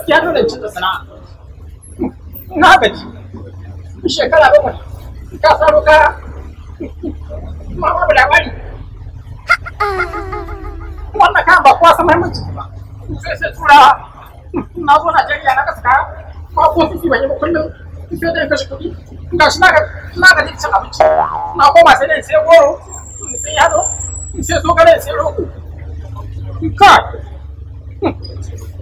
gaskiya dole canza sana'a na gaji shekara ba mu ka saro kaya ma babu labari wannan kayan ba kowa samar mun ba sai sai tura na zo na jariya na kasa kaya ba ko fifi ba yi ba kullum sai dai kashe kudi ga shi na ga ni cin abinci na koma sai dai sai goro sai yado sai zo gare sai roko kai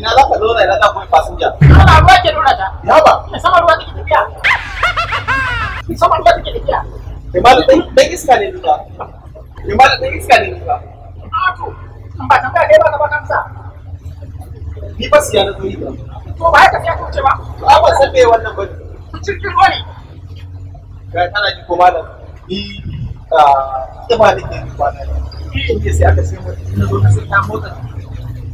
ina za ka zo na ina za ku yi fasinja ruwa ke nuna ta ya ba ina sama ruwa take tafiya ina sama ruwa take tafiya kai ma iska ne duka kai ma iska ne duka a ah, in ba tambaya kai ba ka ba kansa ni ba siya na zoyi ba to ba haka siya kuce ba to a ban san me wannan ba cikin ruwa ne kai kana ji ko malam ni ah, a kima nake kwana ne sai aka sai mutum na zo ka sai ta motsa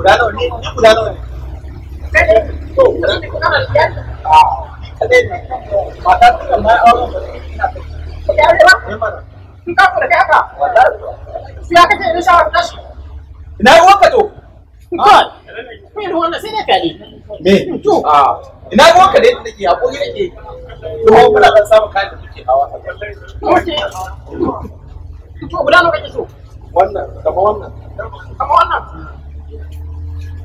guda ne ni ne kada to kada kana a kada ne mata ta ta ba ne ka haka shawar tashi ina to sai kali me to a ah. ina da hakuri to samu da kike hawa to kake so wannan kama wannan kama wannan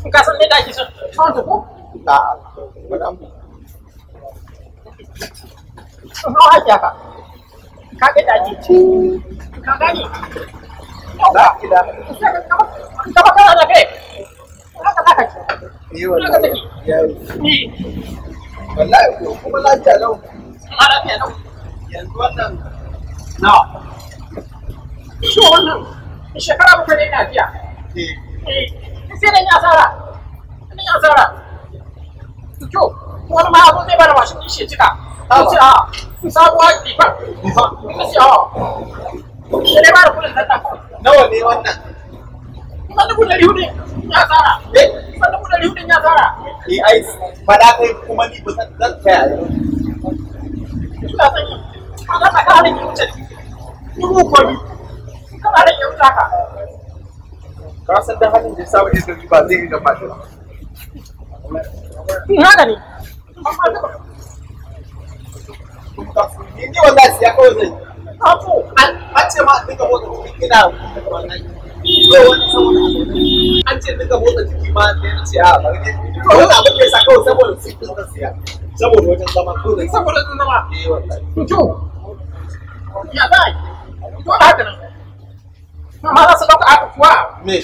in ka san me da ake son son N'o ko a madam ma haki haka ka ga da ake ci ka gani da ida ka ba kana da kai haka haka ci ni wallahi ni wallahi ko kuma lafiya lau ma lafiya lau yanzu wannan na ciwo wannan shekara bakwai na biya eh. Eh. sai da ni asara ni asara to kyau wani ma abun zai bada mashin din shi cika ta ce a sabuwa difan difan ta ce a sai dai bada kudin zata nawa ne wannan kuma dubu dari hudu ya asara eh kuma dubu dari hudu ya asara eh ai fada kai kuma ni ba zan tsaya ina son yi ba za ta kare ki wuce dubu kwami kana da yau ka san da halin da ya saba ba zai shi ba ne ni siya kawai zai an ce ma duka motsa jiki wani saboda an ce duka motsa jiki ma na ce a ah, bari wani abin da ya sa kawai saboda su kusa siya saboda wajen zama zama eh, ya nan me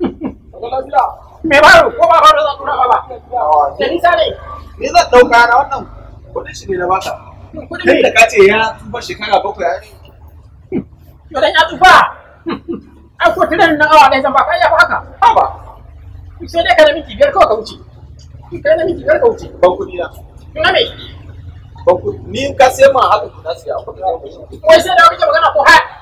me baro ko ba baro zan tura ba da nisa ne ni zan dauka na wannan kudin shi ne na baka kudin da kace ya tuba shekara bakwai ne to dan ya tuba ai ko tunan na awa ne zan baka ya haka. ha ba sai dai kana miki biyar kawai ka wuce kana miki biyar ka wuce ban kudi na na me ban kudi ni ka sai ma haka na siya kudi na wai sai da kake magana ko haya